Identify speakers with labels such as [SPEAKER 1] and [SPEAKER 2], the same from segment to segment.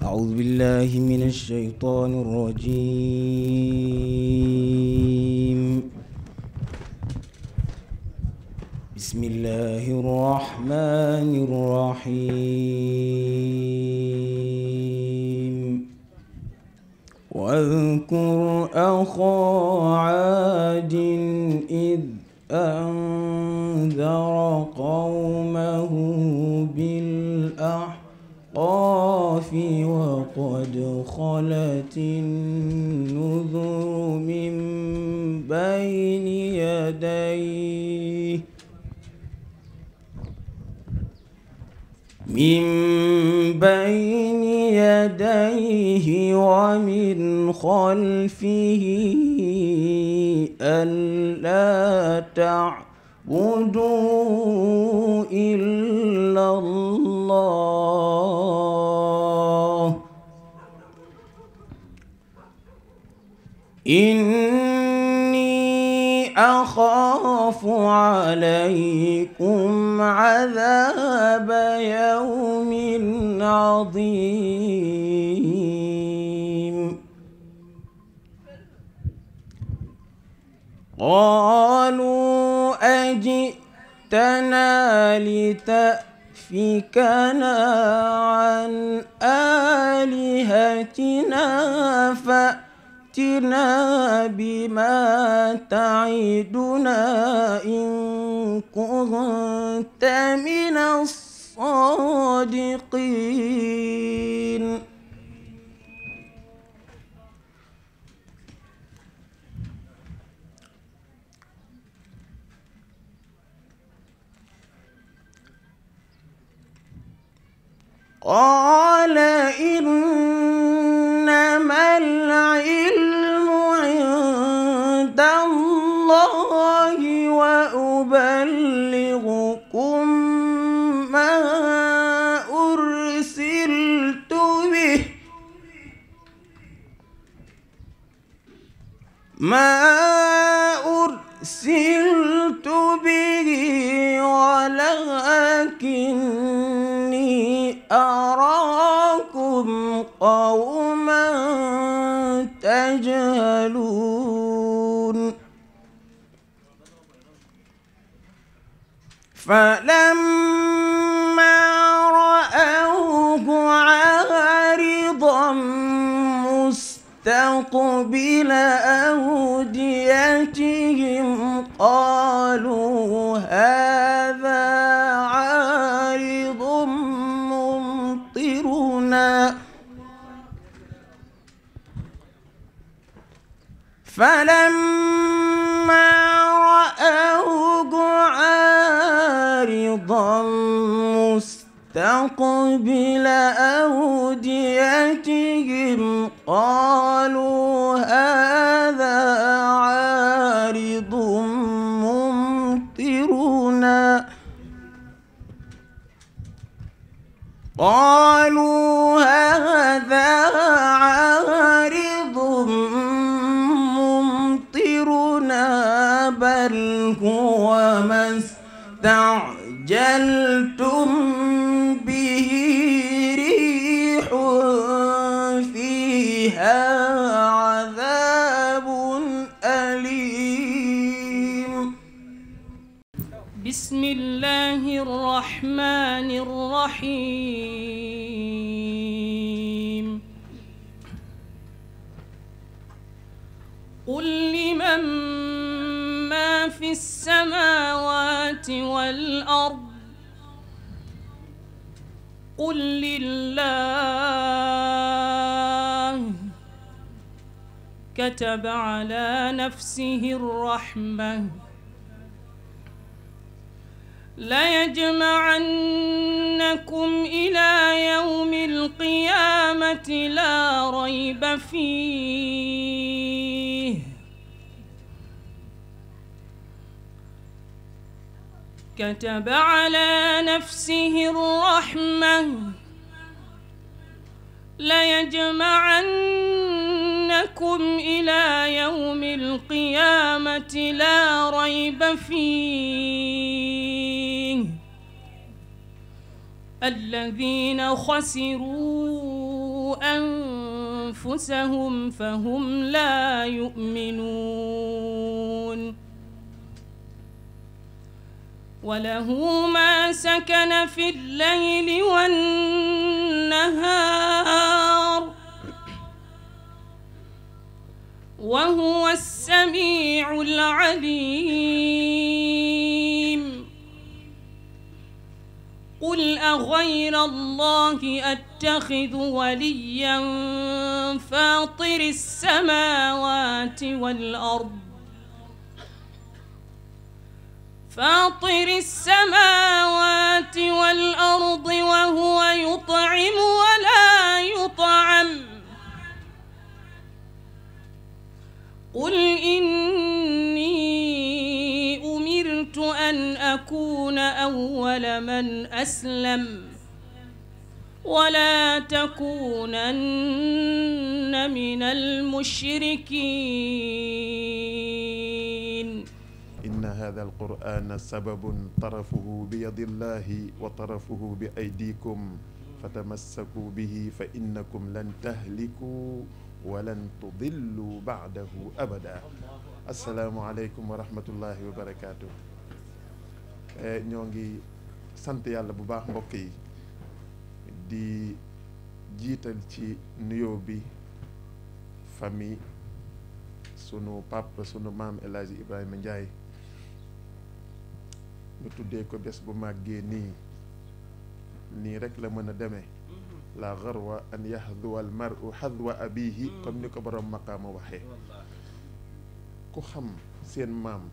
[SPEAKER 1] أعوذ بالله من الشيطان الرجيم بسم الله الرحمن الرحيم واذكر أخا عاد إذ أنذر قومه الأحقاف وقد خلت النذر من بين يديه من بين يديه ومن خلفه ألا تعلم نعبد إلا الله إني أخاف عليكم عذاب يوم عظيم قالوا أجئتنا لتأفكنا عن آلهتنا فأتنا بما تعدنا إن كنت من الصادقين قال إنما العلم عند الله وأبلغكم ما أرسلت به ما أرسلت به ولكن أراكم قوما تجهلون فلما رأوه عارضا مستقبل أوديتهم قالوا فلما رأوا عارضا مستقبل أوديتهم قالوا هذا عارض ممطرنا قالوا
[SPEAKER 2] لله كتب على نفسه الرحمة ليجمعنكم إلى يوم القيامة لا ريب فيه كتب على نفسه الرحمه ليجمعنكم إلى يوم القيامة لا ريب فيه الذين خسروا أنفسهم فهم لا يؤمنون وله ما سكن في الليل والنهار وهو السميع العليم قل أغير الله أتخذ وليا فاطر السماوات والأرض فاطر السماوات والأرض وهو يطعم ولا قل إني أمرت أن أكون أول من أسلم ولا تكونن من المشركين
[SPEAKER 3] إن هذا القرآن سبب طرفه بيد الله وطرفه بأيديكم فتمسكوا به فإنكم لن تهلكوا walan tudillu baadahu abada asalaamualeykum wa rahmatullahi wa barakaatu. Eh, ñoo ngi sant yàlla bu baax mbokk yi di jiital ci nuyoo bi famille sunu papa sunu maam El Hadji Ibrahima Ndiaye ñu tuddee ko bés bu màggee nii nii rek la mën a demee. la garwa an yahduwa abihi mm. comme ni ko borom maqaama waxe ku xam seen maam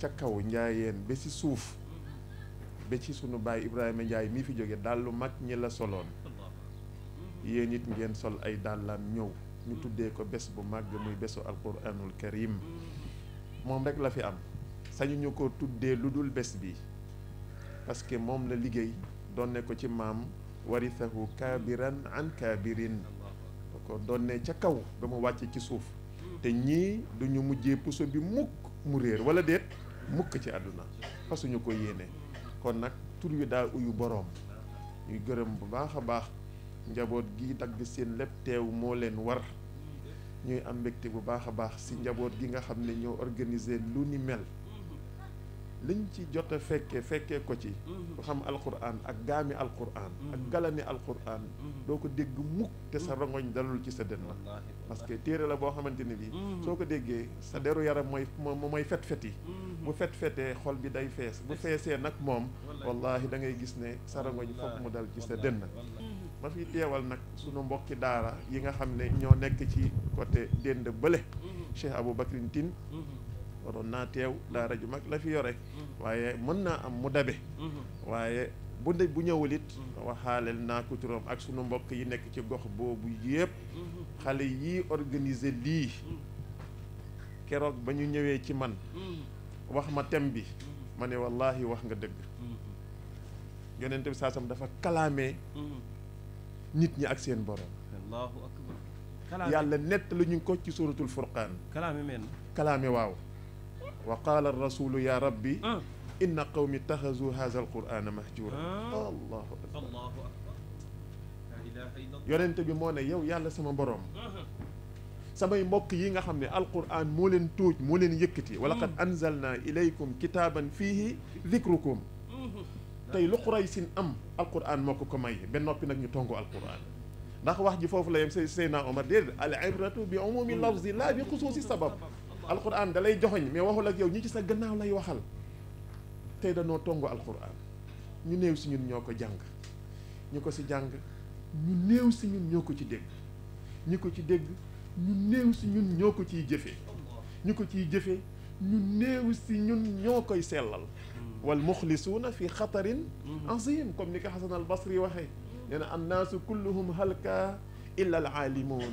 [SPEAKER 3] ca kaw njaayeen ba ci suuf ba ci sunu baay ibrahim Njaay mi fi jóge dàllu mag ñi la soloon yéen it ngeen sol ay dàllam ñëw ñu tuddee ko bés bu màgg muy bésu alquranul karim moom rek la fi am sañu ñu ko tuddee lu dul bés bi parce que moom la liggéey doon ne ko ci maam warisahu kaabiran an kaabirin da ko donnee ca kaw ba mu wàcce ci suuf te ñii duñu mujjee puso bi mukk mu réer wala déet mukk ci àdduna fasuñu ko yéene kon nag tur wi daa uyu boroom ñuy gërëm bu baax a baax njaboot gi dagg seen lépp teew moo leen war ñuy am mbégte bu baax a baax si njaboot gi nga xam ne ñoo organiser lu ni mel liñ ci jot a fekkee fekkee ko ci mm-hmm. ba xam alquran ak gaami alquran ak mm-hmm. galani alquran mm-hmm. doo ko dégg mukk te sa rongoñ dalul ci sa dën la parce que téere la boo xamante ne bi soo ko déggee sa deru yaram mooy mooy fet-fet yi bu fet-fetee xol bi day fees bu feesee nag moom wallahi da ngay gis ne sa rongoñ foog mu dal ci sa dën ma fi teewal nag sunu mbokki daara yi nga xam ne ñoo nekk ci côté dend bële Cheikh Abou Bakrin waroon naa teew daara ju mag la fi yore mm-hmm. waaye mën naa am mu dabe mm-hmm. waaye bu ndey bu ñëwul it mm-hmm. waxaaleel naa ko turam ak sunu mbokk yi nekk ci gox boobu yëpp xale yii organise lii keroog ba ñu ñëwee ci man wax ma thème bi ma ne wallaahi wax nga dëgg yonent bi saasam dafa kalaamee nit ñi ak seen borom
[SPEAKER 4] allahu akbar yàlla
[SPEAKER 3] nett la ñu ko ci suratul furqaan kalaame men kalaame waaw وقال الرسول يا ربي آه. إن قومي اتخذوا هذا القرآن مهجورا آه. الله أكبر
[SPEAKER 4] الله أكبر لا إله
[SPEAKER 3] إلا الله يا يالا سما بروم سماي موك ييغا خامني القرآن مولين توج مولين ييكتي ولقد أنزلنا إليكم كتابا فيه ذكركم تاي لو قريسين أم القرآن موكو كماي بن نوبي نك ني تونغو القرآن داخ واخ جي فوفو لا يم سيدنا عمر دير العبرة بعموم اللفظ لا بخصوص السبب القران دا لاي جوخني مي واخول اك يو نيتي سا غناو لاي واخال تي دا نو تونغو القران ني نيو سي نيون ньоكو جانغ نيكو سي جانغ ني نيو سي نيون ньоكو تي دغ نيكو تي دغ ني نيو سي نيون ньоكو تي جيفه نيكو تي جيفه ني نيو سي نيون ньоكاي سيلال والمخلصون في خطر عظيم كوم نيكا حسن البصري واخي لان الناس كلهم هلكا الا العالمون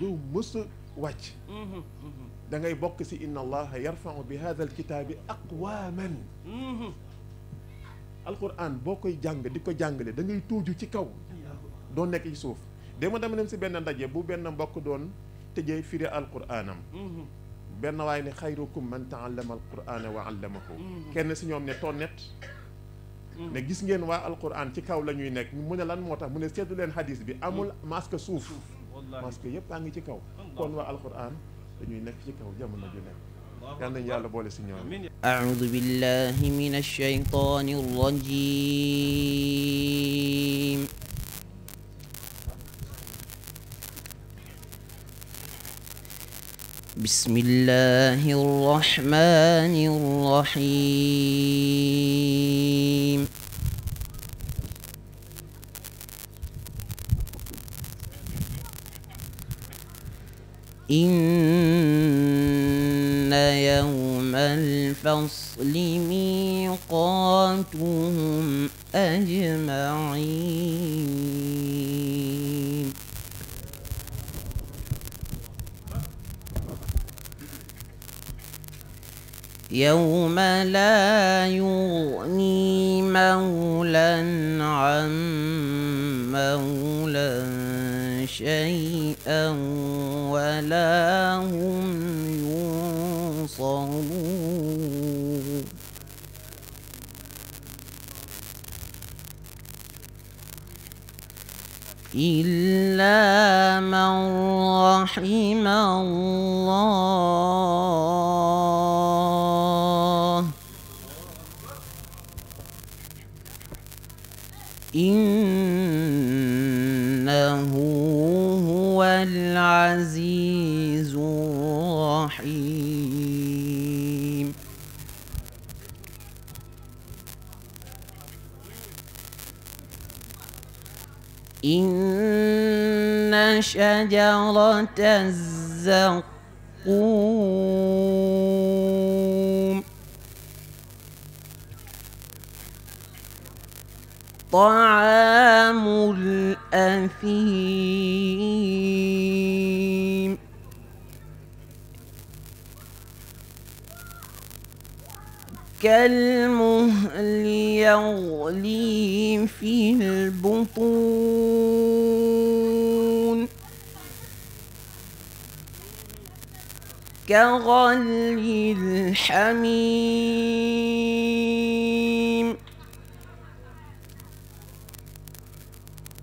[SPEAKER 3] du mës a wàcc da ngay bokk si inna allaha yarfau bi hada alkitaabi aqwaman alquran boo koy jàng di ko jàngale da ngay tuuju ci kaw doo nekk ci suuf dama dama dem si benn ndaje bu benn mbokk doon tëjee firi alquranam benn waaye ne xayrukum man taallama alqurana wa allamahu kenn si ñoom ne tonnet ne gis ngeen waa alquran ci kaw la ñuy nekk mu ne lan moo tax mu ne seddu leen hadis bi amul masque suuf parce que yëpp a ngi ci kaw kon waa alquran dañuy nekk ci kaw jamono ju nekk yal nañu yàlla boole si ñoom
[SPEAKER 1] أعوذ بالله من الشيطان الرجيم بسم الله الرحمن الرحيم إن يوم الفصل ميقاتهم أجمعين يوم لا يغني مولا عن مولا شيئا ولا هم ينصرون إلا من رحم الله شجرة الزقوم طعام الأثيم كالمهل يغلي في البطون كغلي الحميم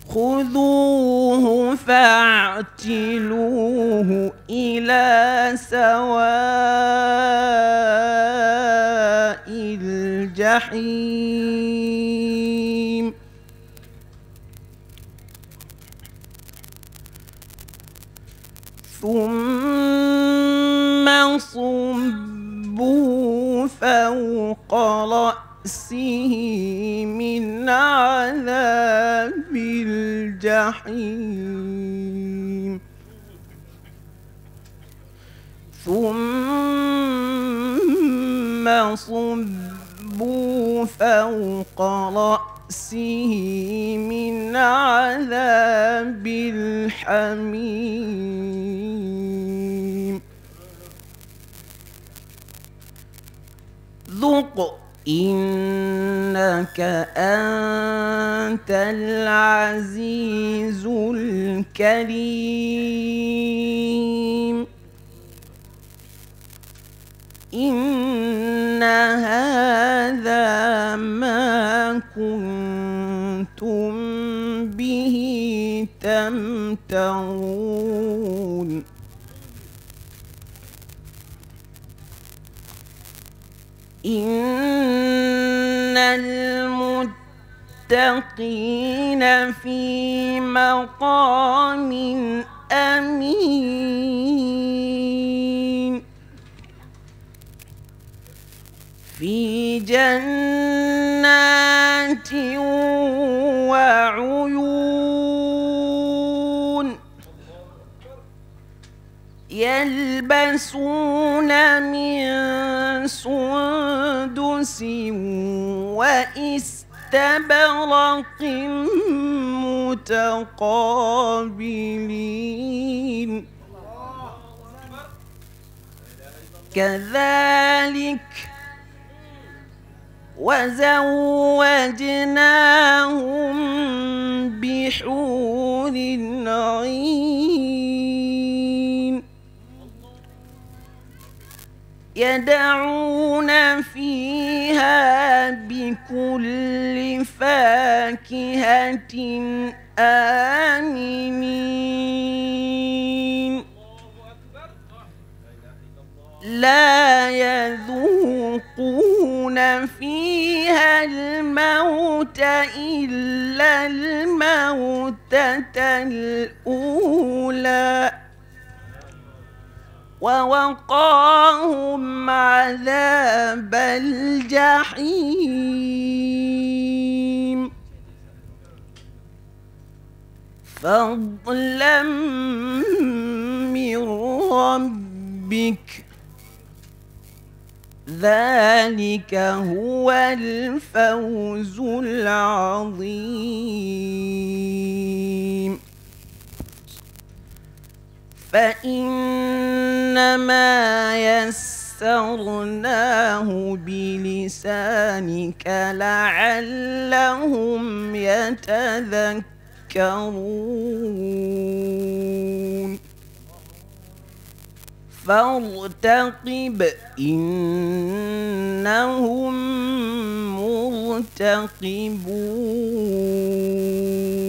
[SPEAKER 1] خذوه فاعتلوه إلى سواء الجحيم ثم فصبوا فوق رأسه من عذاب الجحيم ثم صبوا فوق رأسه من عذاب الحميم ذق إنك أنت العزيز الكريم إن هذا ما كنتم به تمترون إن المتقين في مقام أمين في جنات وعيون يلبسون من سندس واستبرق متقابلين كذلك وزوجناهم بحور عين يدعون فيها بكل فاكهة آمنين لا يذوقون فيها الموت إلا الموتة الأولى ووقاهم عذاب الجحيم فضلا من ربك ذلك هو الفوز العظيم فإنما يسرناه بلسانك لعلهم يتذكرون فارتقب إنهم مرتقبون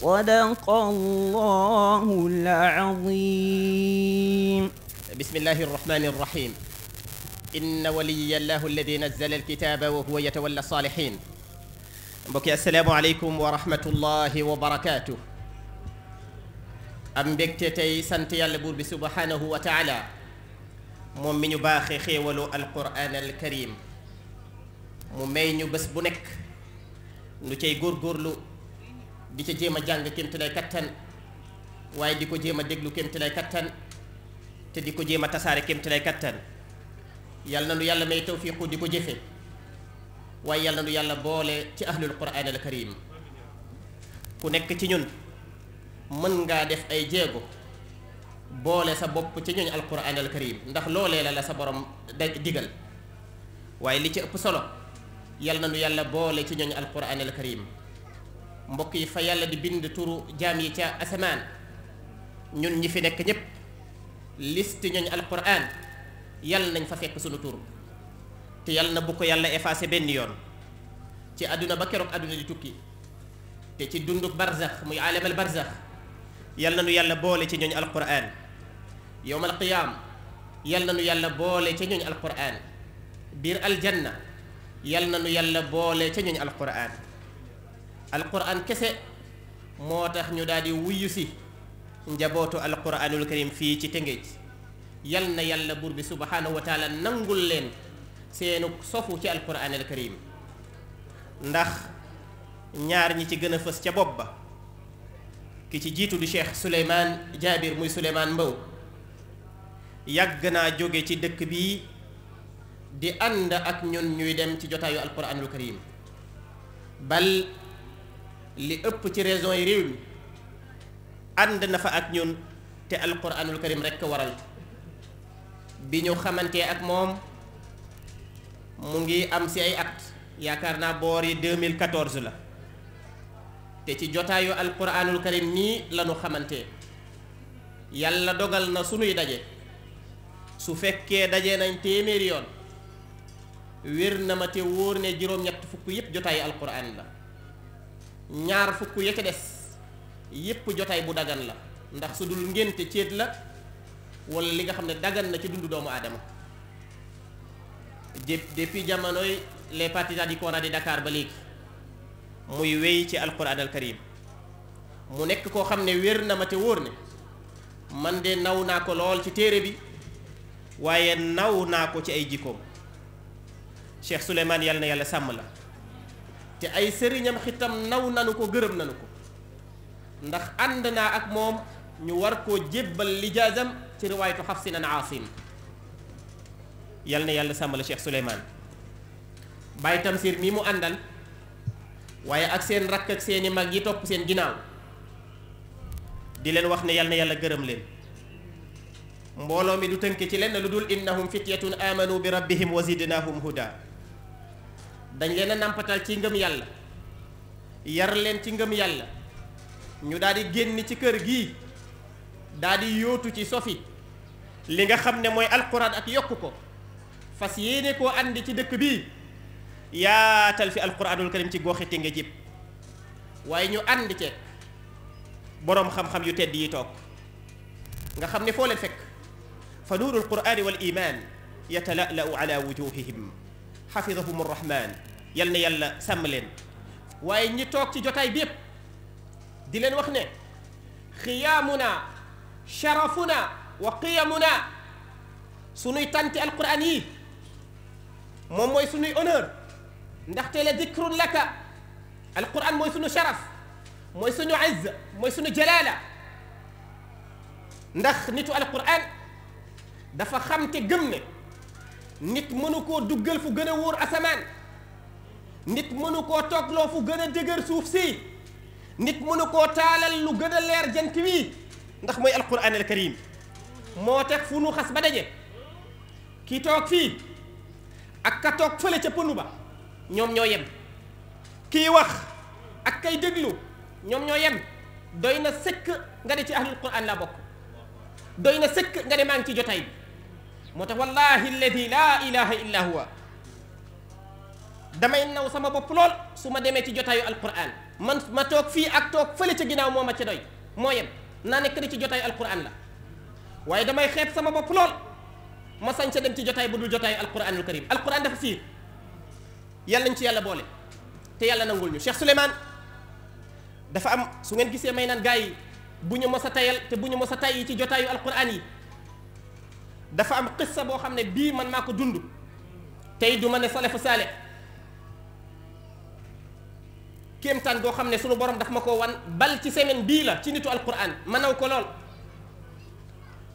[SPEAKER 1] صدق الله
[SPEAKER 5] العظيم بسم الله الرحمن الرحيم إن ولي الله الذي نزل الكتاب وهو يتولى الصالحين بكي السلام عليكم ورحمة الله وبركاته أم بكتتي سنتي البرب سبحانه وتعالى مؤمن باخي خيول القرآن الكريم مؤمن بس بنك نتي غرغرلو di ci jema a jàng kémti lay katan waaye diko jema jéem a déglu kémti lay katan te diko jema tasare a tasaare lay katan yàlla na nu yàlla may tawfiiqu diko jëfe yàlla nu yàlla bolé ci ahlul qur'an al karim ku nek ci ñun mën nga def ay jéggo bolé sa bop ci al qur'an al karim ndax lolé la la sa borom digal waaye li ci ëpp solo yal na nu yàlla bolé ci al qur'an al karim mbokk yi fa yàlla di bind turu jaam yi ca asamaan ñun ñi fi nekk ñëpp liste ñooñ alquran yàlla nañ fa fekk sunu tur te yàlla na bu ko yàlla effacé benn yoon ci aduna ba keroog aduna di tukki te ci dunduk barzax muy aalamal barzax yàlla nanu yàlla boole ci ñooñ alquran yowmal qiyaam yàlla na nu yàlla boole ca ñooñ alquran biir aljanna yàlla na nu yàlla boole ca ñooñ alquran alquran kese moo tax ñu daal di wuyu si njabootu alquranul karim fii ci tëngéej yal na yàlla buur bi subhanahu wa taala nangul leen seenu sofu ci alquranul karim ndax ñaar ñi ci gën a fës ca bopp ba ki ci jiitu di cheikh Souleymane Jaabir muy Souleymane Mbow yàgg naa jóge ci dëkk bii di ànd ak ñun ñuy dem ci jotaayu alquranul karim bal li ëpp ci raison yi réew mi ànd na fa ak ñun te alquranul karim rekk waral bi ñu xamante ak moom mu ngi am si ay at yaakaar naa boor yi 2014 la te ci jotaayu alquranul karim nii lañu xamante yàlla dogal na sunuy daje su fekkee daje nañ téeméeri yoon wér na ma te wóor ne juróom-ñett fukk yépp jotaayu alquran la ñaar fukk ya ca des yépp jotaay bu dagan la ndax su dul ngénte céet la wala li nga xam ne dagan na ci dundu doomu aadama depuis jamonoy les partisans du Coran de Dakar ba léegi muy wéy ci alquran al karim mu nekk koo xam ne wér na ma te wóor ne man de naw naa ko lool ci téere bi waaye naw naa ko ci ay jikkoom Cheikh Souleymane yàlla na yàlla sàmm la te ay sëriñam xitam naw nanu ko gërëm nanu ko ndax ànd naa ak moom ñu war koo jébbal lijaasam ci riwaayatu xafsin an aasim yal na yàlla sàmmala Cheikh Souleymane bàyyi tamsiir mi mu àndal waaye ak seen rakk ak seeni mag yi topp seen ginnaaw di leen wax ne yal na yàlla gërëm leen mbooloo mi du tënk ci lenn lu dul innahum fityatun amanu bi rabbihim wa zidnahum huda dañ leen a nàmpatal ci ngëm yàlla yar leen ci ngëm yàlla ñu daal di génn ci kër gii daal di yóotu ci sofi li nga xam ne mooy alquran ak yokku ko fas yéene koo andi ci dëkk bii yaatal fi alquranul karim ci goxi te nga jib waaye ñu ànd ceeg borom xam-xam yu tedd yi toog nga xam ne foo leen fekk fa nuurul qur'ani wal iman yatalala'u ala wujuhihim حفظهم الرحمن yal na yàlla sàmm leen waaye ñi toog ci jotaay bépp di leen wax ne xiyaamuna sharafuna wa qiyamuna sunuy tànti alquran yi moom mooy sunuy honneur ndaxte la dikrun laka alquran mooy sunu sharaf mooy sunu izz mooy sunu jalaala ndax nitu alquran dafa xam te gëm ne nit mënu koo duggal fu gën a wóor asamaan nit mënu koo toogloo fu gën a dëgër suuf si nit mënu koo taalal lu gën a leer jant wi ndax mooy alquran al karim moo teg fu nu xas ba daje ki toog fii ak ka toog fële ca pënu ba ñoom ñoo yem kii wax ak kay déglu ñoom ñoo yem doy na sëkk nga de ci ahlul quran laa bokk doy na sëkk nga de maa ngi ci jotaay bi moo tax wallahi alladi laa huwa damay naw sama bopp lool su ma demee ci jotaayu alquran man ma toog fii ak toog fële ca ginnaaw moo ma ca doy moo yem naa nekk ni ci jotaayu alquran la waaye damay xeeb sama bopp lool ma sañ sa dem ci jotaay bu dul jotaayu alquranul karim alquran dafa fiir yàlla nañ ci yàlla boole te yàlla nangul ñu Cheikh Souleymane dafa am su ngeen gisee may naan gars yi bu ñu mos a tayal te bu ñu mos a tay yi ci jotaayu alquran yi dafa am qissa boo xam ne bii man maa ko dund tey du ma ne salafu saaleh kéemtaan goo xam ne sunu borom daf ma ko wan bal ci semaine bii la ci nitu alquran ma naw ko lool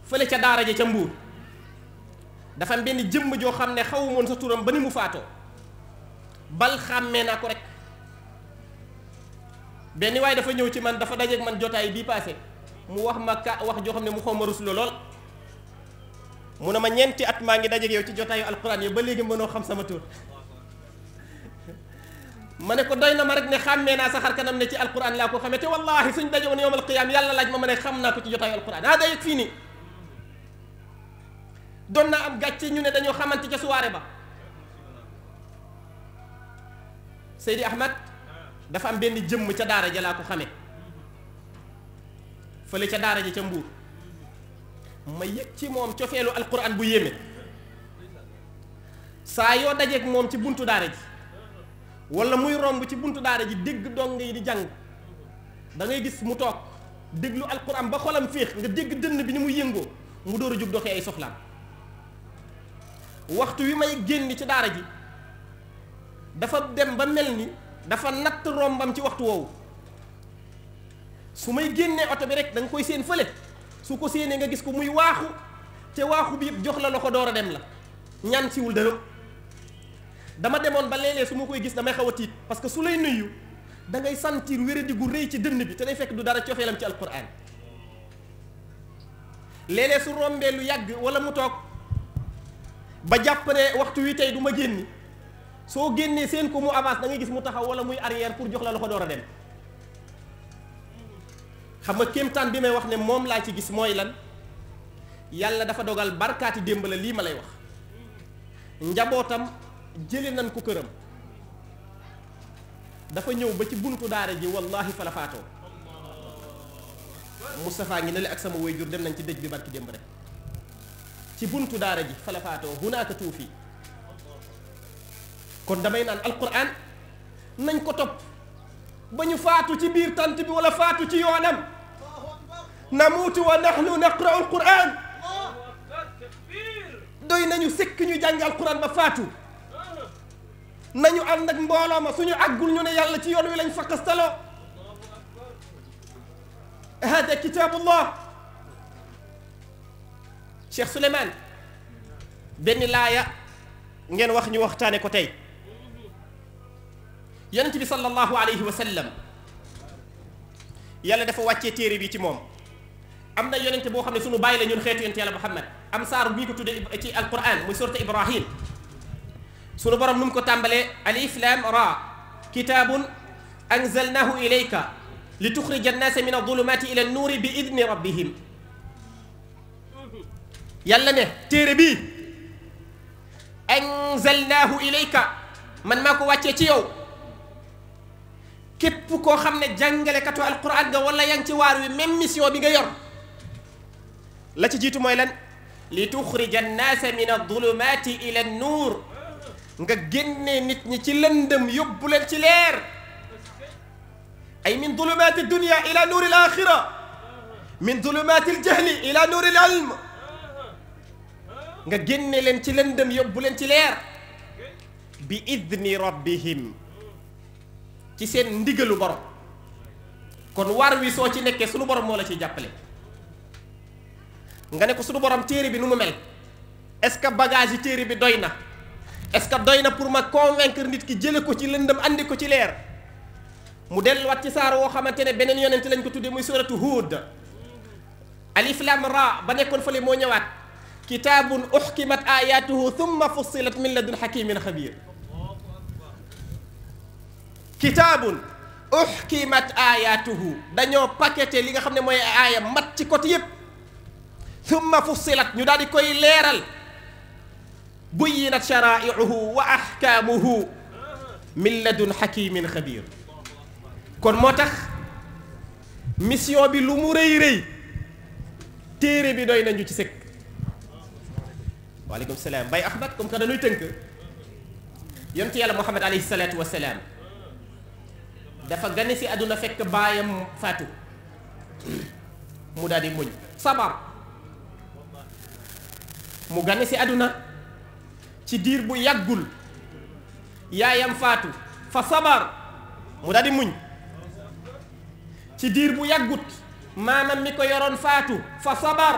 [SPEAKER 5] fële ca daara ja ca mbuur dafa am benn jëmm joo xam ne xaw moon sa turam ba ni mu faatoo bal xàmmee naa ko rek benn waaye dafa ñëw ci man dafa dajeeg man jotaay bii paase mu wax ma ka wax joo xam ne mu xaw ma ruslo lool mu ne ma ñeenti at maa ngi dajeeg yow ci jotaayu alquran yow ba léegi mënoo xam sama tur mané ko doyna ma rek ne xamé na sa xar kanam ne ci alquran la ko xamé te wallahi suñu daje won yowal qiyam yàlla laj ma mané xamna ko ci jotay alquran ah day fini don na am gatché ñu ne dañu xamante ci suware ba Seydi Ahmad dafa am benn jëm ci daara ja la ko xamé fële ci daara ja ci mbuur ma yek ci mom ci félu alquran bu yéme sa yo dajé ak mom ci buntu daara ji wala muy romb ci buntu daara ji dégg dong yi di jàng da ngay gis mu toog déglu alquran ba xolam féex nga dégg dënn bi ni muy yëngoo mu door a jug doxee ay soxlaam waxtu wi may génn ci daara ji dafa dem ba mel ni dafa natt rombam ci waxtu woowu su may génnee oto bi rek da koy seen fële su ko séenee nga gis ko muy waaxu te waaxu bi yëpp jox la loxo door a dem la ñaan siwul dërëm dama demoon ba léeg su ma koy gis damay xaw a tiit parce que su lay nuyu da ngay sentir wéradi gu rëy ci dënn bi te day fekk du dara cofeelam ci alquran léeg-léeg su rombee lu yàgg wala mu toog ba jàpp waxtu wi tey du ma génni soo génnee seen ko mu avance da ngay gis mu taxaw wala muy arrière pour jox la loxo door a dem xam nga kéemtaan bi may wax ne moom laa ci gis mooy lan yàlla dafa dogal barkaati démb la lii ma lay wax njabootam jële nan ko kërëm dafa ñëw ba ci buntu daara ji wallahi fala faato mustafa ngi ne ak sama wayjur dem nañ ci dëj bi barki dem rek ci buntu daara ji fala faato hunaka hunaaka tuufi kon damay naan alquran nañ ko top bañu faatu ci biir tante bi wala faatu ci yoonam namuutu wa nahnu naqra'u alquran doy nañu sëkk ñu jàng alquran ba faatu nañu ànd ak mbooloo ma suñu àggul ñu ne yàlla ci yoon wi lañ fakkastaloo hada kitabullah cheikh souleymane benn laaya ngeen wax ñu waxtaane ko tey yonent bi sallallahu alayhi wa sallam yàlla dafa wàccee téere bi ci moom am na yonent boo xam ne suñu bàyyi la ñun xeetu yonent yàlla muhammad am saar bii ko tudde ci alquran muy sorte ibrahim سونو بروم نمكو تامبالي الف لام را كتاب انزلناه اليك لتخرج الناس من الظلمات الى النور باذن ربهم يلا نه تيري بي انزلناه اليك من ماكو واتي تي يو كيب كو خامني جانغالي كاتو القران دا ولا يانتي وارو ميم ميسيو بيغا يور لا تي جيتو موي لان لتخرج الناس من الظلمات الى النور nga génné nit ñi ci lëndëm yóbbu leen ci leer ay min dhulumati dunya ila nuril akhirah min dhulumati aljahli ila nuril ilm nga génne leen ci lëndëm yóbbu leen ci leer bi idni rabbihim ci seen ndigalu borom kon war wi soo ci nekkee sunu borom moo la ci jàppale nga ne ko sunu borom téere bi nu mu mel est-ce que bagage yi téere bi doy na est que doy na pour ma convaincre nit ki jële ko ci lëndëm andi ko ci leer mu delluwaat ci saar woo xamante ne beneen yonent lañ ko tuddee muy suratu Hud alif lam ra ba nekkoon fële moo ñëwaat kitaabun uxkimat ayatuhu thumma fussilat min ladun xakimin xabir kitaabun uxkimat ayatuhu dañoo paqueté li nga xam ne mooy aaya mat ci côté yépp thumma fussilat ñu daal di koy leeral بينت شرائعه واحكامه من لدن حكيم خبير كون موتاخ ميسيون بي لومو ري ري تيري بي دوي نانيو سيك وعليكم السلام باي احمد كوم كان نوي تنك يونتي يالا محمد عليه الصلاه والسلام دا فا غانيسي ادونا فيك بايام فاتو مو دادي موج صبر مو غانيسي ادونا ci dir bu yagul yaayam fatu fa sabar mu dadi muñ ci dir bu yagut manam mi ko yoron fatu fa sabar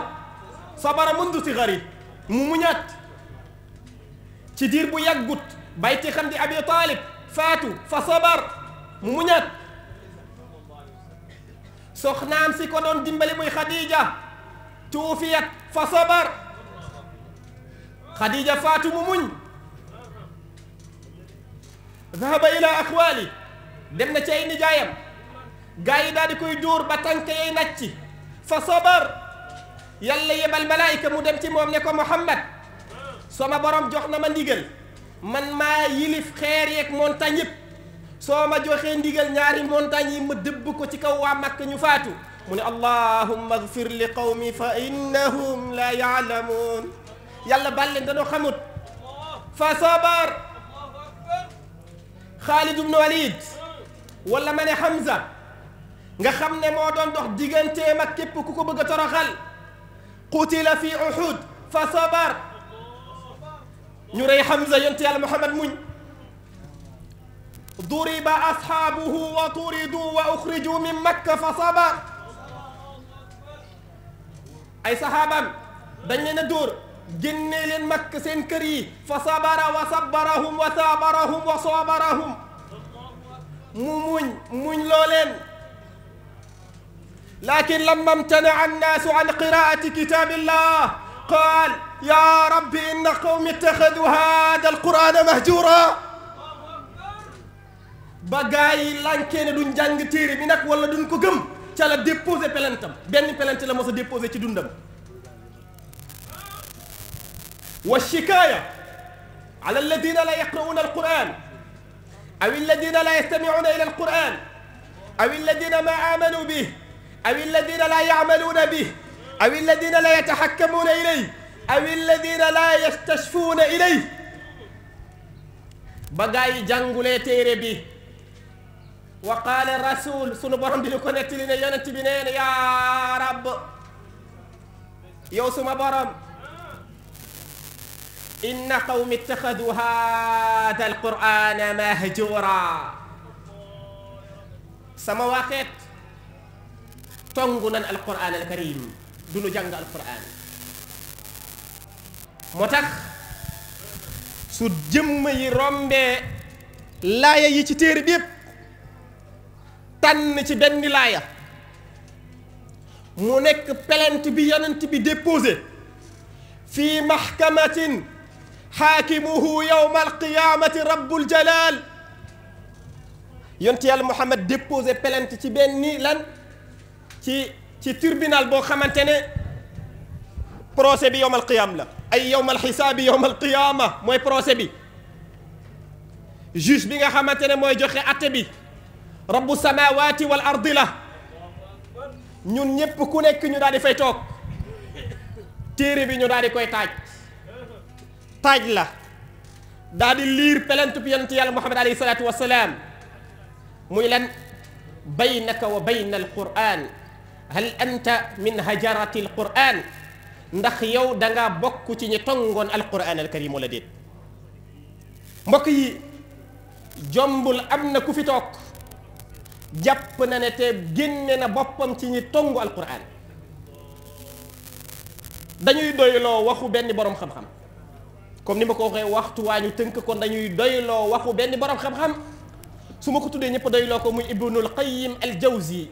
[SPEAKER 5] sabara mundu si gari mu muñat ci dir bu yagut bayti xam di abi talib fatu fa sabar mu muñat soxnam si ko don dimbali muy xadija tuufiyat fa sabar خديجة فاتو ممون ذهب إلى أخوالي دمنا تاي نجايم غاي دادي كوي دور با تانكاي ناتي فصبر يلا يبال ملائكة مو دمتي موم نيكو محمد سوما برام جوخنا من نديغل من ما يلف خير يك مونتانيب yep soma joxe ndigal ñaari montagne yi ma deub ko ci kaw wa mak ñu faatu يلا baal دانو danoo xamut خالد بن وليد ولا Walid حمزه nga xamne mo moo doon dox digganteem mak kep ku ko bëgg toroxal qutila fi Uhud fa sabar ñu ray Hamza yent yàlla Muhammad muñ duriba ashabuhu wa turidu wa ukhriju min makkah fa sabar ay sahabam dañ leena dur génne مك makk seen kër وصبرهم fa sabara wa sabarahum wa لكن لما امتنع الناس عن قراءة كتاب الله قال يا رب إن قوم اتخذوا هذا القرآن مهجورا بغاي لانكين دون جانج تيري منك ولا دون كو تلا ديبوزي بلنتم بني بلنتم لما سديبوزي ديبوزي تي والشكاية على الذين لا يقرؤون القرآن أو الذين لا يستمعون إلى القرآن أو الذين ما آمنوا به أو الذين لا يعملون به أو الذين لا يتحكمون إليه أو الذين لا يستشفون إليه بغاي جانغولي تيري به وقال الرسول سونو بروم بي لكو يا رب يوسما بروم إن قوم اتخذوا هذا القرآن مهجورا سما وقت تنقلن القرآن الكريم دون جنق القرآن متخ سجم يرمب لا يجتير بيب تن تبني لا يا مونك بلنت بيانت بي ديبوزي في محكمة حاكمه يوم القيامة رب الجلال يونتي محمد ديبوزي بلانتي تي بيني لان تي تي تيربينال بو خامتيني بروسي بي يوم القيامة اي يوم الحساب يوم القيامة موي بروسي بي جوج بيغا خامتيني موي جوخي اتي بي رب السماوات والارض له ñun ñepp ku nek ñu daldi fay tok téré bi ñu daldi koy taaj taaj la daal di liir bi yonent yàlla muhammad alayhi salatu wa salaam muy lan baynaka wa bayna alquran hal anta min hajarati alquran ndax yow da nga bokku ci ñi tongon alquran alkarim la déet mbok yi jombul amna ku fi tok jàpp na ne te génne na bopam ci ñi tongu alquran dañuy doylo waxu benn borom xam-xam comme ni ma ko waxee waxtu waa ñu tënk kon dañuy doyloo waxu benn borom xam-xam su ma ko tuddee ñëpp doyloo ko muy ibnul qayyim al jawzi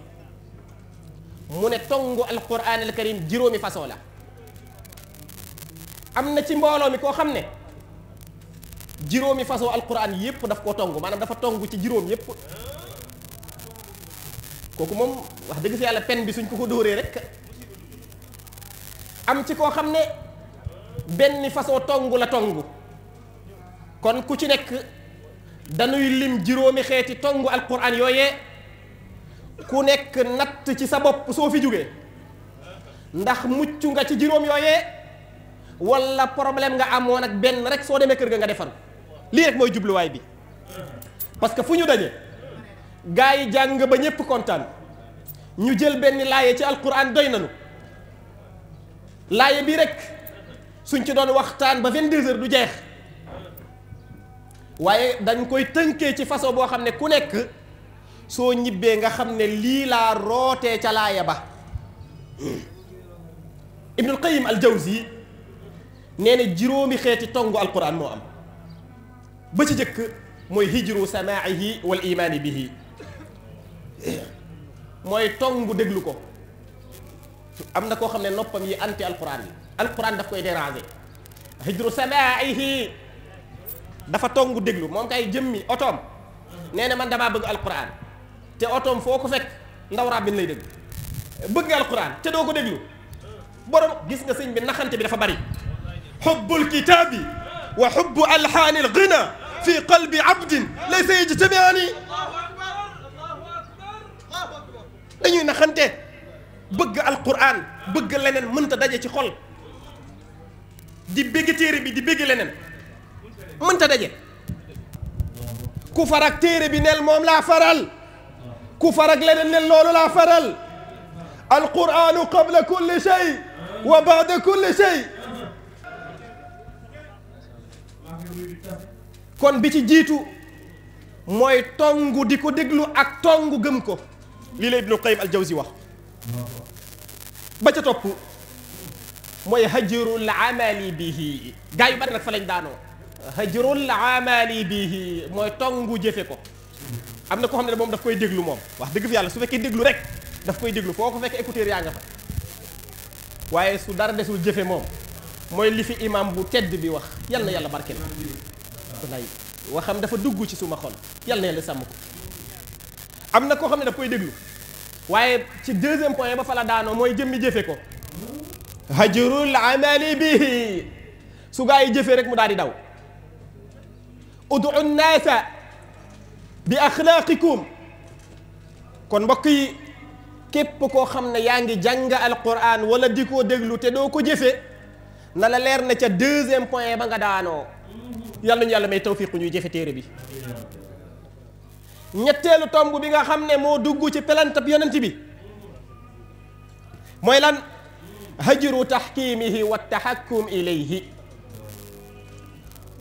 [SPEAKER 5] mu ne tongu alquran al karim juróomi façon la am na ci mbooloo mi koo xam ne juróomi façon alquran yépp daf koo tongu maanaam dafa tongu ci juróom yépp kooku moom wax dëgg fi yàlla pen bi suñ ko ko dóoree rek am ci koo xam ne Ben benn façon tongu la tongu kon ku ci nek dañuy lim juróomi xeeti tongu alquran yoyé ku nek nat ci sa bop so fi jugé ndax muccu nga ci juróom yoyé wala problème nga amoon ak benn rek so démé kër nga defar li rek djublu way bi parce que fuñu ñu gaay jang ba ñepp contane ñu jël benn laye ci alquran doynañu laye bi rek suñ ci doon waxtaan ba 22 heures du jeex waaye dañ koy tënkee ci façon boo xam ne ku nekk soo ñibbee nga xam ne lii laa rootee ca laaya ba Ibnul Qayyim al Jawzi nee na juróomi xeeti tongu alquran moo am ba ci jëkk mooy hijru samaa'ihi wal imaani bihi mooy tongu déglu ko am na koo xam ne noppam yi anti alquran yi alquran daf koy déranger hijru samaa'ihi dafa tongu déglu moom kay jëmmi otoom nee man damaa bëgg alquran te otoom foo ko fekk ndaw rabbin lay dégg bëgg nga te doo ko déglu borom gis nga sëñ bi naxante bi dafa bari xubbul kitaabi wa xubbu alxaani alghina fi qalbi abdin laysa yajtamiaani dañuy naxante bëgg alquran bëgg leneen mënta daje ci xol di bëgg téere bi di bëgg leneen mënta daje ku farak téere bi nel moom laa faral ku farak leneen nel loolu laa faral alquranu qabla kulli shay wa baada kulli shay kon bi ci jiitu mooy tongu di ko déglu ak tongu gëm ko lii la ibnu qayyim al jawzi wax ba ca topp mooy hajrul amali bihi gaa yu bari nag fa lañ daanoo hajrul amali bihi mooy tongu jëfe ko am na ko xam ne moom daf koy déglu moom wax dëgg fi yàlla su fekkee déglu rek daf koy déglu foo ko fekk écouteur yaa nga fa waaye su dara desul jëfe moom mooy li fi imam bu tedd bi wax yal na yàlla barkeel lay waxam dafa dugg ci suma xol yal na yàlla sàmm ko am na koo xam ne daf koy déglu waaye ci deuxième point ba fa la daanoo mooy jëmmi jëfe ko hajarul amali bihi su gaa yi jëfee rek mu daal di daw udu nnaasa bi axlaaqikum kon mbokk yi képp koo xam ne yaa ngi jàng alquran wala di koo déglu te doo ko jëfe na la leer na ca deuxième point ba nga daanoo yàlla ñu yàlla may tawfiqu ñuy jëfe téere bi ñetteelu tomb bi nga xam ne moo dugg ci pelante bi yonent bi mooy lan hajru taxkiimihi wa taxakkum ilayhi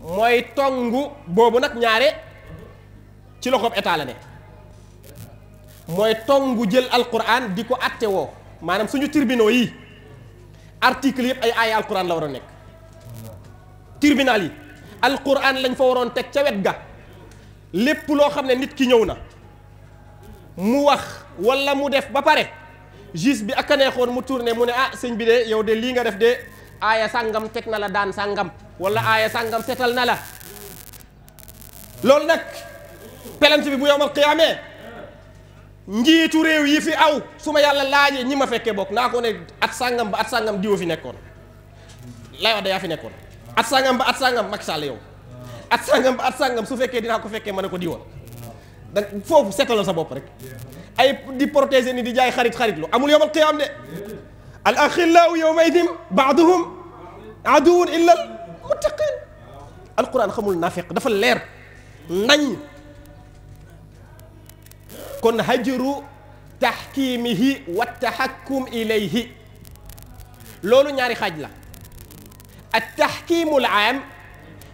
[SPEAKER 5] mooy tongu boobu nag ñaare ci loxob état la ne mooy tongu jël alquran di ko atte woo maanaam suñu tribunaux yi article yëpp ay aaya alquran la war nekk tribunal yi alquran lañ fa waroon teg ca wet ga lépp loo xam ne nit ki ñëw na mu wax walla mu def ba pare juge bi ak a neexoon mu tourné mu ne ah sëñ bi de yow de lii nga def de aaya sàngam teg na la daan sàngam wala aaya sàngam setal na la loolu nag pelante bi bu yowmal qiyaamee njiitu réew yi fi aw su ma yàlla laajee ñi ma fekkee bokk naa ko ne at sàngam ba at sàngam diwa fi nekkoon lay wax da yaa fi nekkoon at sàngam ba at sàngam Macky Sall yow at sàngam ba at sàngam su fekkee dinaa ko fekkee ma ne ko diwoon da foofu seetalal sa bopp rek اي دي بروتيزي ني دي جاي خريط خريط لو امول يوم القيامه دي الاخلاء يومئذ بعضهم عدو الا المتقين القران خمول نافق دا اللير لير كن كون هجروا تحكيمه والتحكم اليه لولو نياري خاج التحكيم العام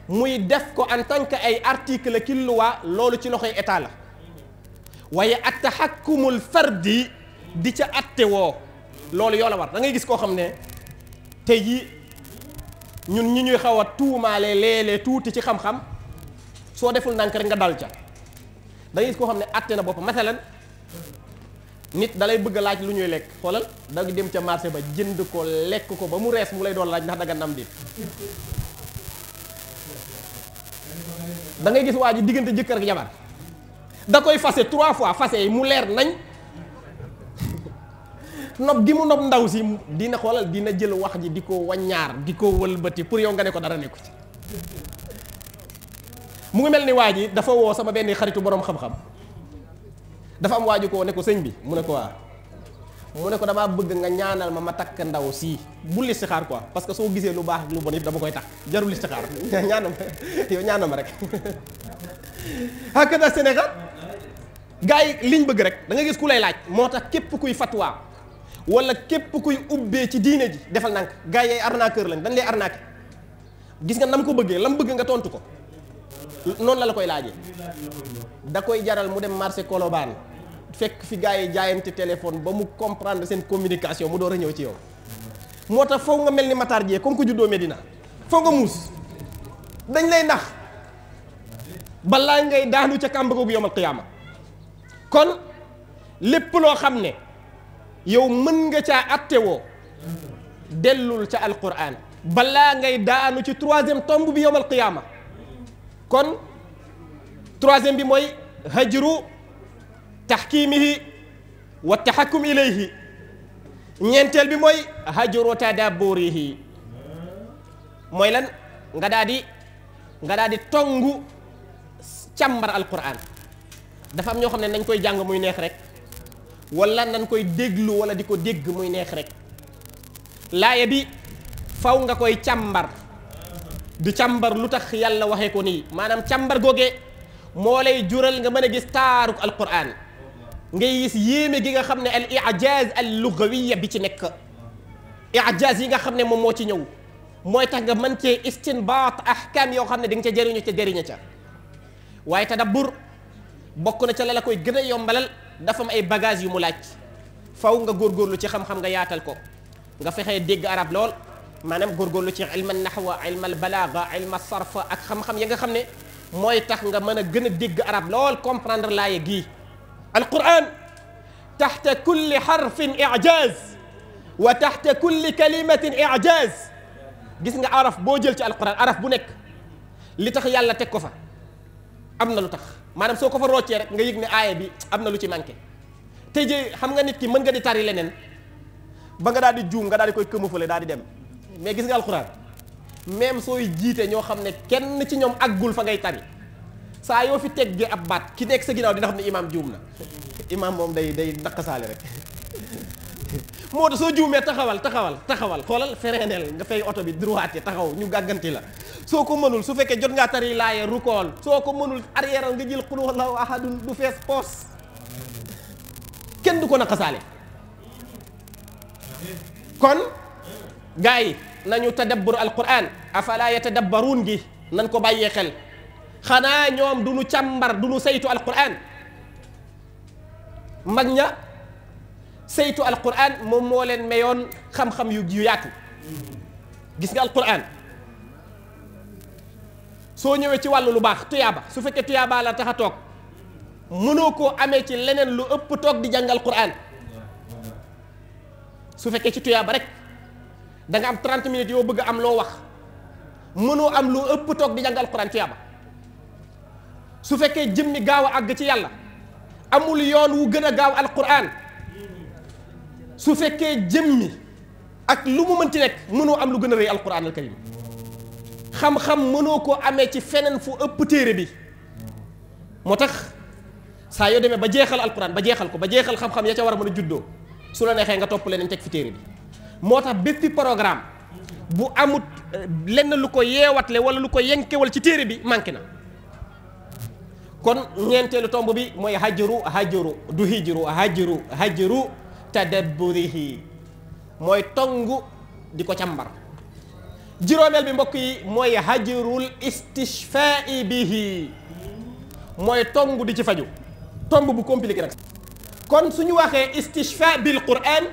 [SPEAKER 5] موي ديف ان تنك اي ارتيكل كي لولو تي لوخي ايتا at attaxakkumul fardi di ca atté wo lolou yo la war da ngay gis ko xamné ne yi ñun ñi ñuy xawa a tuumaale léeg-léeg tuuti ci xam-xam so deful nank rek nga dal ca da ngay gis ko xamné ne na boppam masalan nit dalay bëgg laaj lu ñuy lek xolal da dem ca marché ba jënd ko lek ko ba mu rees mu lay doon laaj ndax nga nam dit da ngay gis waji digënté jëkër ak jabar da koy fase trois fois fase mu lèr nañ nob gi mu nob ndaw si dina xolal dina jël wax ji di ko diko di pour yow nga ne ko dara neeku ci mu ngi melni waji dafa wo sama benn xaritu borom xam-xam dafa am waji ko ne ko señ bi mu ne ko wa mu ne ko dama bëgg nga ñaanal ma ma tak ndaw si bu xaar quoi parce que so gisé lu baax lu bon yëpp dama koy tak jarul xaar ñaanam yow ñaanam rek da senegal gars liñ bëgg rek da nga gis ku lay laaj motax képp kuy fatwa wala képp kuy ubbé ci diiné ji defal nank gars yi ay arnaqueur lañ dañ lay arnaqué gis nga nam ko bëggé lam bëgg nga tontu ko non la la koy laajé da koy jaral mu dem marché Colobane fekk fi gars yi jaayante téléphone ba mu comprendre sen communication mu door ñëw ci yow motax faw nga mel ni Matar ko juddo Medina faw nga muus dañ lay nax balaa ngay daanu ci kàmb googu yomal qiyamah kon lépp loo xam ne yow mën nga caa attewoo dellul ca alquran balaa ngay daanu ci troisième tomb bi yowmal qiyaama kon troisième bi mooy hajru taxkiimihi wa taxakkum ilayhi ñeenteel bi mooy hajru tadabburihi mooy lan nga daa di nga daa di tongu càmbar alquran dafa am ñoo xam ne nañ koy jàng muy neex rek wala nañ koy déglu wala di ko dégg muy neex rek laaya bi faw nga koy càmbar di càmbar lu tax yàlla waxee ko nii maanaam càmbar googee moo lay jural nga mën a gis taaruk alquran ngay gis yéeme gi nga xam ne al ijaaz al lugawiya bi ci nekk ijaaz yi nga xam ne moom moo ci ñëw mooy tax nga mën cee istinbaat ahkam yoo xam ne di nga ca jëriñu ca jëriña ca waaye tadabbur bokk na ca la la koy gën a yombalal dafa am ay bagages yu mu laaj faw nga góorgóorlu ci xam-xam nga yaatal ko nga fexee dégg arab lool maanaam góorgóorlu ci ilma nahwa ilma balaaga ilma sarfa ak xam-xam ya nga xam ne mooy tax nga mën a gën a dégg arab lool comprendre laaye gii alquran taxta kulli xarfin ijaz wa taxta kulli kalimatin ijaz gis nga araf boo jël ci alquran araf bu nekk li tax yàlla teg ko fa am na lu tax maanaam soo ko fa roccee rek nga yëg ne aaya bi am na lu ci manqué te jii xam nga nit ki mën nga di tari leneen ba nga daal di juum nga daal di koy këmafale daal di dem mais gis nga alxuraan même sooy jiitee ñoo xam ne kenn ci ñoom aggul fa ngay tari saa yoo fi teggee ab baat ki nekk sa ginnaaw dina xam ne imaam juum na imaam moom day day naqasaale rek moo tax soo juumee taxawal taxawal taxawal xoolal fereeneel nga fay oto bi droite taxaw ñu gàgganti la soo ko mënul su fekkee jot ngaa tari laaye rukool soo ko mënul arrière nga jël xul wallahu ahadun du fees poos kenn du ko naqasaale kon gars yi nañu tadabbur alquran afala yatadabbaruun gi nan ko bàyyee xel xanaa ñoom du ñu càmbar du ñu saytu alquran mag ña saytu alquran moom moo leen mayoon xam-xam yu yu yaatu gis nga alquran soo ñëwee ci wàll lu baax tuyaaba su fekkee tuyaaba la tax a toog mënoo koo amee ci leneen lu ëpp toog di jàngal quran su fekkee ci tuyaaba rek danga am 30 minutes yoo bëgg am loo wax mënoo am lu ëpp toog di jàngal quran tuyaaba su fekkee jëmmi gaaw a àgg ci yàlla amul yoon wu gën a gaaw alquran su fekkee jëmmi ak lu mu mënti nekk mënoo am lu gën a rëy alquran al karim xam-xam mënoo ko amee ci feneen fu ëpp téere bi moo tax saa yoo demee ba jeexal alquran ba jeexal ko ba jeexal xam-xam ya ca war a mën a juddoo su la neexee nga topp leneen teg fi téere bi moo tax bépp programme bu amut eh, lenn lu ko yeewatle wala lu ko yenkewal ci téere bi manqué na kon ñeenteelu tomb bi mooy hajru hajru du hijru hajru hajru tadabburihi mooy tongu di ko càmbar juróomeel bi mbokk yi mooy hajrul istishfaa'i bihi mooy tongu di ci faju tomb bu compliqué nag kon suñu waxee istishfa bil quran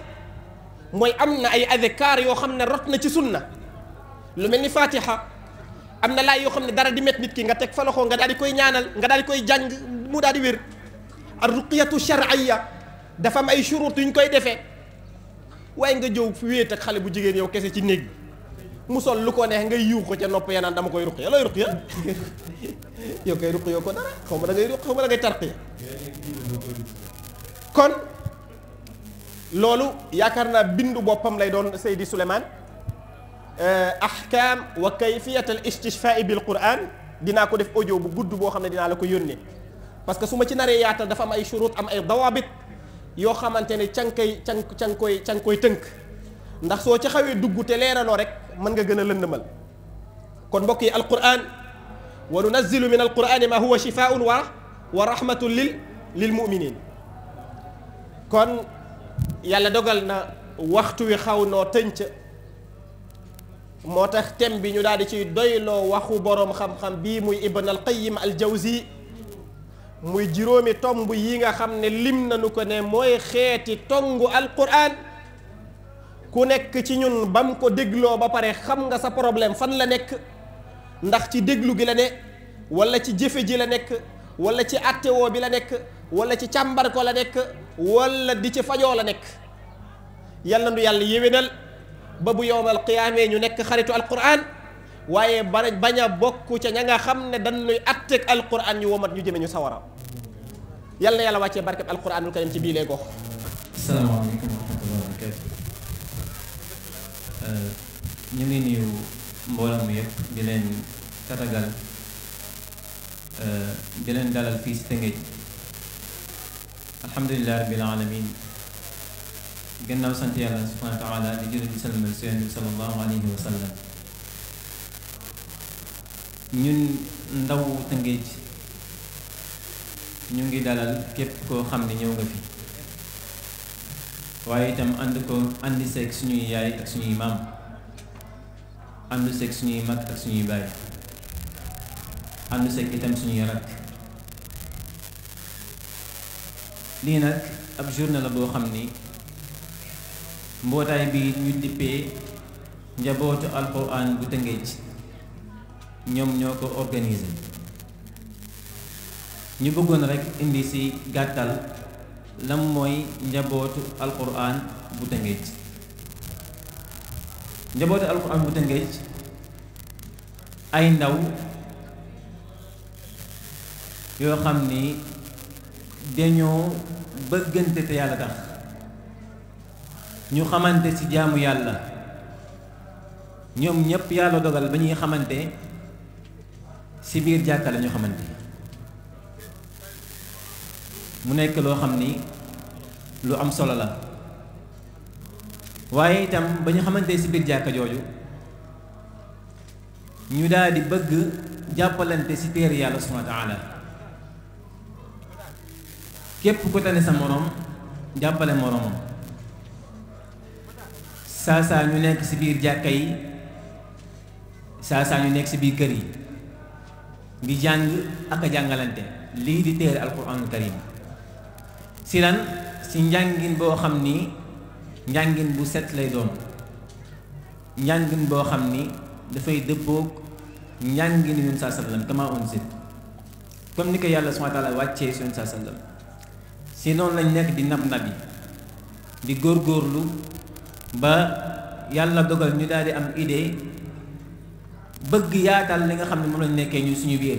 [SPEAKER 5] mooy am na ay adkaar yoo xam ne rot na ci sunna lu mel ni fatiha am na laay yoo xam ne dara di met nit ki nga teg fa loxo nga daal di koy ñaanal nga daal di koy jàng mu daal di wér ar ruqiyatu shar'iyya dafa am ay churut yu ñu koy defee waaye nga jëw wéet ak xale bu jigéen yow kese ci néeg bi mu sol lu ko neex ngay yuux ko ca nopp ya naan dama koy ruq ya looy ruq ya yow koy ruq yoo ko dara xaw ma da ngay ruq xaw ma da ngay tarq ya kon loolu yaakaar naa bindu boppam lay doon Seydi Souleymane ahkam wa kayfiyat al istishfaa bil quran dinaa ko def audio bu gudd boo xam dina dinaa la ko yónnee parce que su ci naree yaatal dafa am ay shurut am ay dawabit yoo xamante ne ca nga koy ca nga koy tënk ndax soo ci xawee dugg te leeraloo rek mën nga gën a lëndëmal kon mbokk yi alquran wa nunazzilu min alqurani ma huwa shifaun wa wa rahmatun lil lil muminin kon yàlla dogal na waxtu wi xaw noo tënc moo tax thème bi ñu daal di ciy doyloo waxu boroom xam-xam bii muy ibn al qayyim al jawzi muy juróomi tomb yi nga xam ne lim nañu ko ne mooy xeeti tongu alquran ku nekk ci ñun bam ko dégloo ba pare xam nga sa problème fan la nekk ndax ci déglu gi la ne wala ci jëfe ji la nekk wala ci attewoo bi la nekk wala ci càmbarko la nekk walla di ci fajoo la nekk yàlla nu yàlla yéwénal ba bu yowmal qiyaamee ñu nekk xaritu alquran waaye ba bañ a bokk ca ña nga xam ne dañ nuy atteeg alquran ñu womat ñu jëme ñu sawara yàlla na yàlla wàccee barkeb alquranul karim ci bii lay gox. asalaamaaleykum wa rahmatulah wa
[SPEAKER 4] barakatu ñu ngi nuyu mbooloo mi sant yàlla subhanahu wa di jël di salmal seen bi sallallahu alayhi ñun ndaw Tëngéej ñu ngi dalal képp koo xam ne ñëw nga fi waaye itam ànd ko àndi seeg suñuy yaay ak suñuy maam ànd seeg suñuy mag ak suñuy baay ànd seeg itam suñuy rakk lii nag ab journée la boo xam ni mbootaay bi ñu dippee njabootu alquran bu Tëngéej ñoom ñoo ko organisé ñu bëggoon rekk indi ci gàttal lam mooy njabootu alquran bu Tëngéej njabootu alquran bu Tëngéej ay ndaw yoo xam ni dañoo bëggante te yàlla tax ñu xamante ci jaamu yàlla ñoom ñépp yàlla dogal ba ñuy xamante si biir jàkka la ñu xamante mu nekk loo xam ni lu am solo la waaye itam ba ñu xamante si biir jàkka jooju ñu daal di bëgg jàppalante si teer yàlla subhanahu wa taala képp ku tane sa morom jàppale moroomam saa saa ñu nekk si biir jàkka yi saa saa ñu nekk si biir kër yi di jàng ak a jàngalante lii di téere alquranul karim si lan si njàngin boo xam ni njàngin bu set lay doon njàngin boo xam ni dafay dëppoog njàngin yun saa sallam kama unzil comme ni ko yàlla subhaanahu wa wàccee si yun saa sallam si noonu lañ nekk di nab nab di góor góorlu ba yàlla dogal ñu daal di am idée bëgg yaatal li nga xam ne moom lañ nekkee ñu suñu biir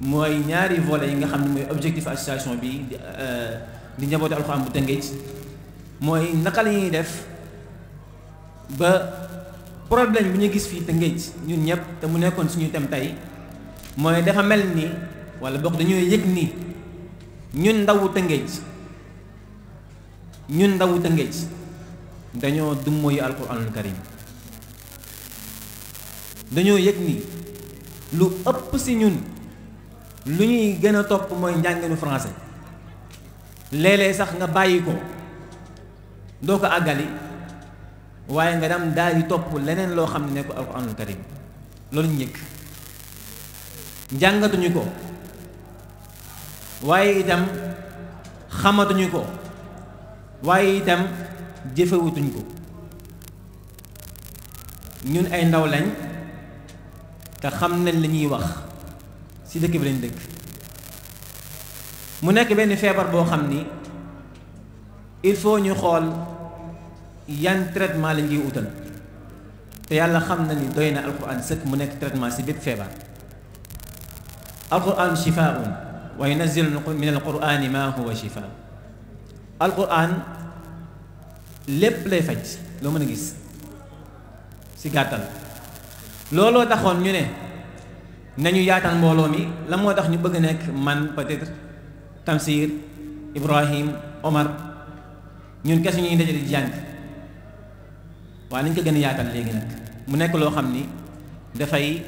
[SPEAKER 4] mooy ñaari volet yi nga xam ne mooy objectif association bi euh, di njabootu alxuraan bu tëngéej mooy naka la ñuy def ba problème bi ñu gis fii tëngéej ñun ñëpp te mu nekkoon suñu tem tey mooy dafa mel ni wala bokk dañoo yëg ni ñun ndawu tëngéej ñun ndawu tëngéej dañoo dummoyu alxuraanul karim dañoo yëg ni lu ëpp si ñun lu ñuy gën a topp mooy njànginu français léeg sax nga bàyyi ko doo ko àggali waaye nga dem daal yi topp leneen loo xam ne nekk alxuraanul karim loolu ñu yëg njàngatuñu ko waaye itam xamatuñu ko waaye itam jëfewutuñ ko ñun ay ndaw lañ te xam nañ li ñuy wax si dëkk bi lañ dëkk mu nekk benn feebar boo xam ni il faut ñu xool yan traitement la koy utal te yàlla xam na ni doy na alquran sëkk mu nekk traitement si bépp feebar alquran shifaun wa yunazil min alquran ma huwa shifa alquran lépp lay faj loo mën a gis si gàttal looloo taxoon ñu ne nañu yaatal mbooloo mi la moo tax ñu bëgg nekk man peut-être Tamsir Ibrahim Omar ñun kese ñuy dajale di jàng waaye nañ ko gën a yaatal léegi nag mu nekk loo xam ni dafay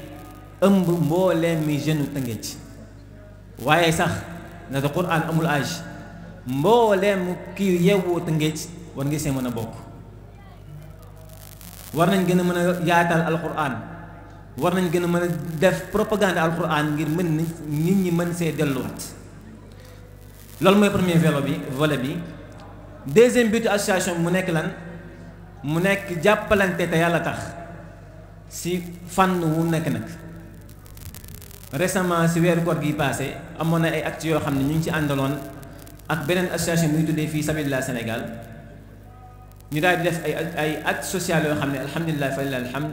[SPEAKER 4] ëmb mbooleem mi jeune Tëngéej waaye sax ndaxte Qur'an amul âge mbooleem kii yeewoo Tëngéej war nga see mën a bokk war nañ gën a mën a yaatal Alqur'an war nañ gën a mën a def propagande alxuraan ngir mën nit ñi mën see delluwaat loolu mooy premier vélo bi vole bi deuxième butu association mu nekk lan mu nekk jàppalante te yàlla tax si fànn wu nekk nag récemment si weeru koor gi passé amoon na ay actes yoo xam ne ñu ngi ci àndaloon ak beneen association muy tuddee fii Sabilillah Sénégal ñu daal di def ay ay actes sociaux yoo xam ne alhamdulilah fa lillahi alhamd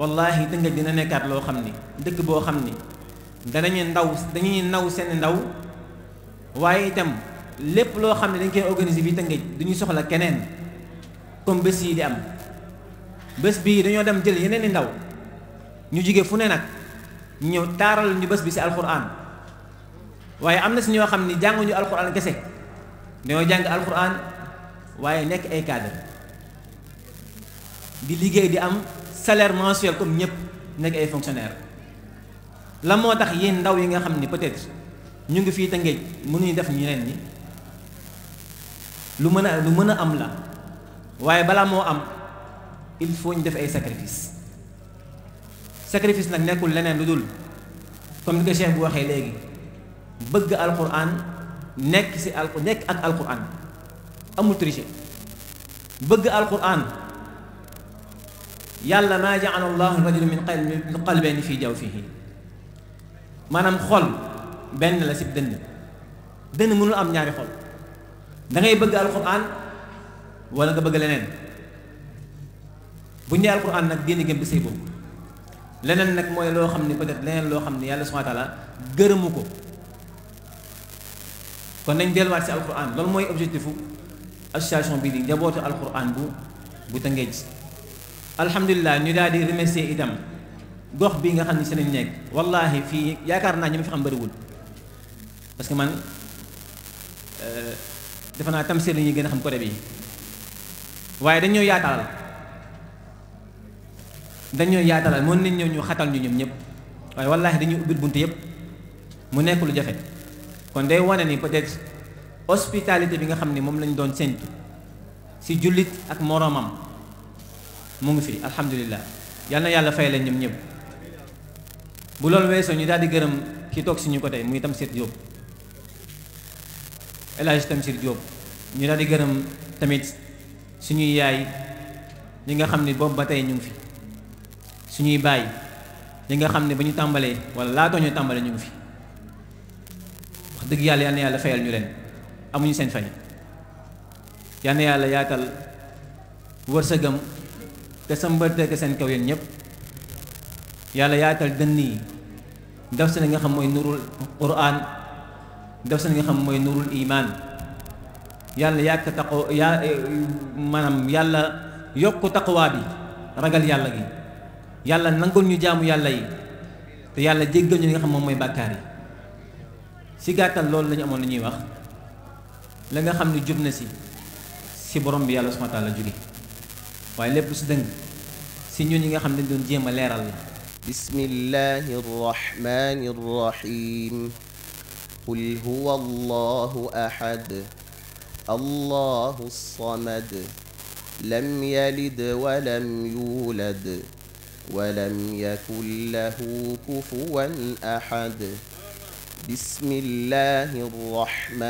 [SPEAKER 4] wallahi Tëngéej dina nekkaat loo xam ni dëkk boo xam ni danañu ndaw dañuy ndaw seeni ndaw waaye itam lépp loo xam ne dañ koy organiser bi Tëngéej duñu soxla keneen comme bés yi di am bés bii dañoo dem jël yeneen i ndaw ñu jóge fu ne nag ñëw taaral ñu bés bi ci alxuraan waaye am na si ñoo xam ni jànguñu alxuraan gese dañoo jàng alxuraan waaye nekk ay cadre di liggéey di am salaire mensuel comme ñëpp nekk ay fonctionnaire la moo tax yéen ndaw yi nga xam ni peut-être ñu ngi fii Tëngéej mënuñu def ñu leen lu mën a lu mën a am la waaye balaa moo am il faut ñu def ay sacrifice sacrifice nag nekkul leneen lu dul comme ni ko cheikh bu waxee léegi bëgg alquran nekk si al nekk ak alquran amul tricher bëgg alquran يلا ما جعل الله الرجل من قلبين في جوفه ما نم خل بين لا سيب دن دن منو ام نياري خل دا غاي بغ القران ولا غا بغ لنين بو نيال القران نك دين گم بسي بو لنين نك موي لو خامني بدات لنين لو خامني يالا سبحانه وتعالى گرمكو كون نين ديل وات سي القران لول موي اوبجيكتيفو اسياسيون بي دي جابوتو القران بو بو تانگي alhamdulillah ñu daal di remercier itam gox bi nga xamni seen si wallahi fi yaakar na ñu fi xam wul parce que man euh defana tam seen ñi gëna a xam côté bi waaye dañoo yaatalal dañoo yaatalal mën nañ ñëw ñu xatal ñu ñoom ñep waye wallahi dañu ubbit buntu yep mu nekk lu jafe kon day wone ni peut être hospitalité bi nga xamni mom lañ doon sentu si julit ak moromam mu ngi fi alhamdulillah yalla yalla yàlla fay leen ñoom ñëpp bu lol weesoo ñu daal di gërëm ki ñu ko tay muy Tamsir Diop El tam sir job ñu daal di gërëm tamit suñu yaay ñi nga xamni bo ba tay ñu fi suñu bay ñi nga xamni ne tambalé wala la ñu tambalé ñu fi wax deug yalla yalla yalla fayal ñu len amuñu seen fay yalla yalla yaatal wërsegam te sa mbër teg seen kaw yéen ñëpp yàlla yaatal nga xam moy nurul quran def si nga xam moy nurul iman yalla yak taqo ya manam yalla yokku taqwa bi ragal yalla gi yalla nangul ñu jaamu yalla yi te yalla jéggal ñu nga xam moy bakari si gatal lool lañu amon ñuy wax la nga xam si si borom bi yalla subhanahu wa taala waaye lépp su dëng si ñun ñi nga xam ne doon jéem a leeral la
[SPEAKER 6] bismillahi arrahmani rahim qul huwa allahu ahad allahu samad lam yalid wa walam yulad lam yakun lahu kufuwan ahad بسم الله rahim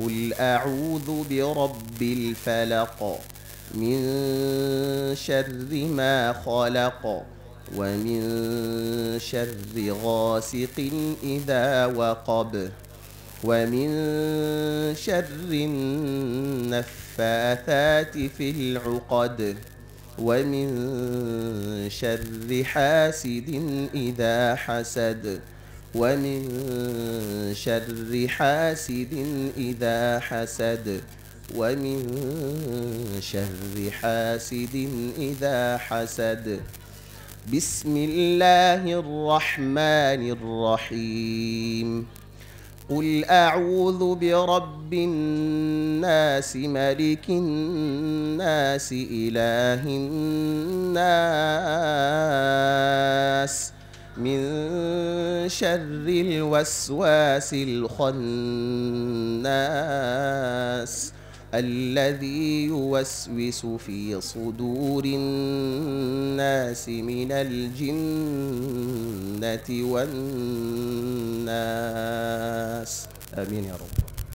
[SPEAKER 6] قل اعوذ برب الفلق من شر ما خلق ومن شر غاسق اذا وقب ومن شر النفاثات في العقد ومن شر حاسد اذا حسد ومن شر حاسد إذا حسد ومن شر حاسد إذا حسد بسم الله الرحمن الرحيم قل أعوذ برب الناس ملك الناس إله الناس من شر الوسواس الخناس الذي يوسوس في صدور الناس من الجنة والناس آمين يا رب